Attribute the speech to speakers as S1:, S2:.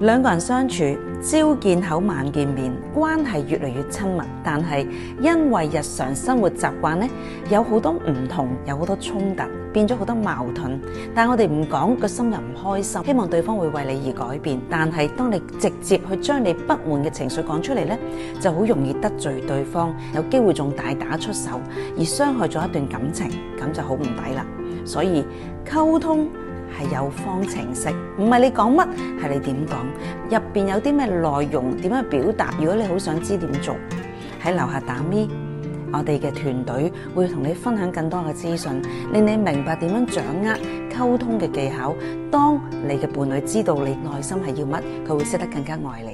S1: 兩個人相處，朝見口晚見面，關係越嚟越親密。但係因為日常生活習慣咧，有好多唔同，有好多衝突，變咗好多矛盾。但我哋唔講，個心又唔開心。希望對方會為你而改變。但係當你直接去將你不滿嘅情緒講出嚟咧，就好容易得罪對方，有機會仲大打出手，而傷害咗一段感情，咁就好唔抵啦。所以溝通，係有方程式，唔係你講乜，係你點講，入邊有啲咩內容，點樣表達？如果你好想知點做，喺樓下打咪，我哋嘅團隊會同你分享更多嘅資訊，令你明白點樣掌握溝通嘅技巧。當你嘅伴侶知道你內心係要
S2: 乜，佢會識得更加愛你。